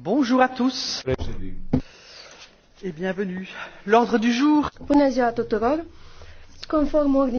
Bonjour à tous et bienvenue. L'ordre du jour. Bună ziua tuturor. Conform ordinii